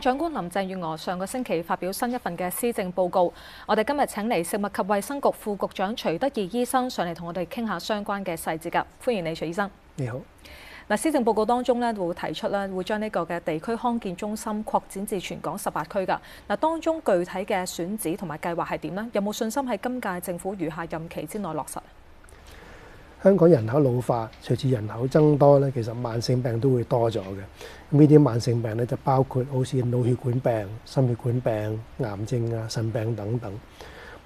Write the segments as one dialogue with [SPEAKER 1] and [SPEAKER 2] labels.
[SPEAKER 1] 政長官林鄭月娥上個星期發表新一份嘅施政報告，我哋今日請嚟食物及衛生局副局長徐德義醫生上嚟同我哋傾下相關嘅細節㗎。歡迎你，徐醫生。你好。嗱，施政報告當中咧會提出咧會將呢個嘅地區康健中心擴展至全港十八區㗎。嗱，當中具體嘅選址同埋計劃係點呢？有冇信心喺今屆政府餘下任期之內落實？
[SPEAKER 2] 香港人口老化，隨住人口增多咧，其實慢性病都會多咗嘅。咁呢啲慢性病咧就包括好似腦血管病、心血管病、癌症啊、腎病等等。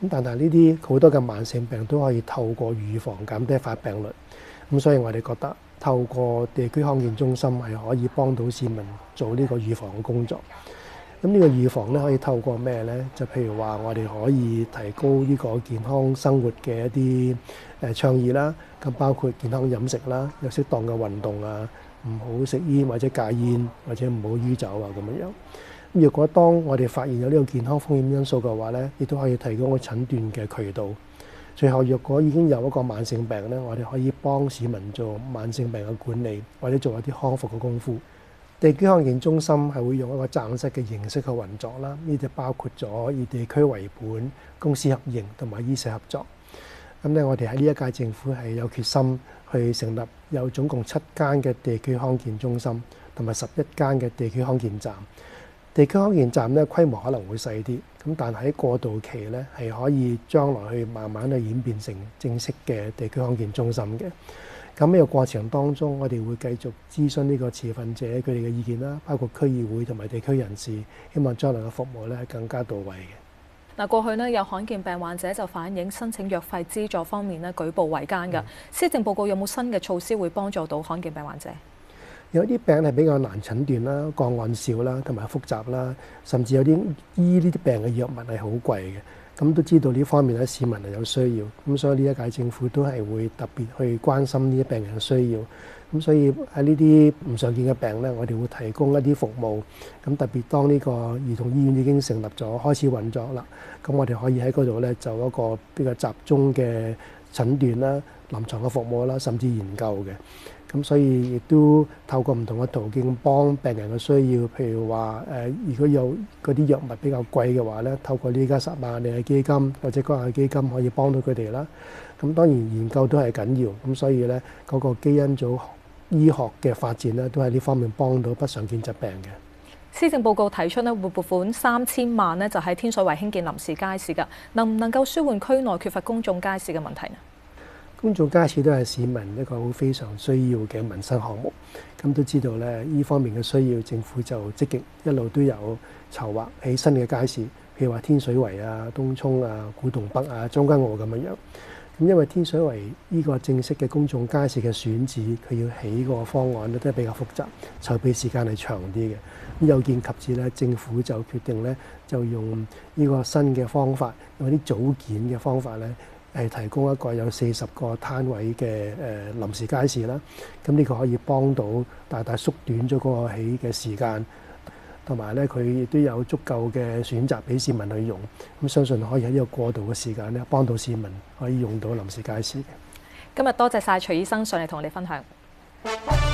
[SPEAKER 2] 咁但係呢啲好多嘅慢性病都可以透過預防減低發病率。咁所以我哋覺得透過地區康健中心係可以幫到市民做呢個預防嘅工作。咁呢個預防呢可以透過咩呢？就譬如話，我哋可以提高呢個健康生活嘅一啲誒倡議啦，咁包括健康飲食啦，有適當嘅運動啊，唔好食煙或者戒煙，或者唔好酗酒啊咁樣樣。咁若果當我哋發現有呢個健康風險因素嘅話呢，亦都可以提供個診斷嘅渠道。最後，若果已經有一個慢性病呢，我哋可以幫市民做慢性病嘅管理，或者做一啲康復嘅功夫。地區康健中心係會用一個暫時嘅形式去運作啦，呢啲包括咗以地區為本、公私合營同埋醫社合作。咁咧，我哋喺呢一屆政府係有決心去成立有總共七間嘅地區康健中心，同埋十一間嘅地區康健站。地區康健站咧，規模可能會細啲，咁但喺過渡期咧係可以將來去慢慢去演變成正式嘅地區康健中心嘅。咁呢個過程當中，我哋會繼續諮詢呢個持份者佢哋嘅意見啦，包括區議會同埋地區人士，希望將來嘅服務咧更加到位嘅。
[SPEAKER 1] 嗱，過去呢有罕見病患者就反映申請藥費資助方面咧舉步維艱嘅，施政報告有冇新嘅措施會幫助到罕見病患者？
[SPEAKER 2] 有啲病係比較難診斷啦，個案少啦，同埋複雜啦，甚至有啲醫呢啲病嘅藥物係好貴嘅。咁都知道呢方面咧，市民係有需要，咁所以呢一屆政府都係會特別去關心呢啲病人嘅需要。咁所以喺呢啲唔常見嘅病咧，我哋會提供一啲服務。咁特別當呢個兒童醫院已經成立咗，開始運作啦，咁我哋可以喺嗰度咧做一個比較集中嘅診斷啦、臨床嘅服務啦，甚至研究嘅。咁所以亦都透過唔同嘅途徑幫病人嘅需要，譬如話誒，如果有嗰啲藥物比較貴嘅話咧，透過呢家撒瑪利亞基金或者關愛基金可以幫到佢哋啦。咁當然研究都係緊要，咁所以咧嗰個基因組醫學嘅發展咧，都係呢方面幫到不常見疾病嘅。
[SPEAKER 1] 施政報告提出咧會撥款三千萬咧，就喺天水圍興建臨時街市㗎，能唔能夠舒緩區內缺乏公眾街市嘅問題啊？
[SPEAKER 2] 公眾街市都係市民一個好非常需要嘅民生項目，咁都知道咧，呢方面嘅需要，政府就積極一路都有籌劃起新嘅街市，譬如話天水圍啊、東涌啊、古洞北啊、將軍澳咁樣樣。咁因為天水圍呢個正式嘅公眾街市嘅選址，佢要起嗰個方案咧都係比較複雜，籌備時間係長啲嘅。咁有見及此咧，政府就決定咧就用呢個新嘅方法，用啲組件嘅方法咧。誒提供一個有四十個攤位嘅誒臨時街市啦，咁呢個可以幫到大大縮短咗嗰個起嘅時間，同埋呢佢亦都有足夠嘅選擇俾市民去用，咁相信可以喺呢個過渡嘅時間呢，幫到市民可以用到臨時街市嘅。
[SPEAKER 1] 今日多謝晒徐醫生上嚟同我哋分享。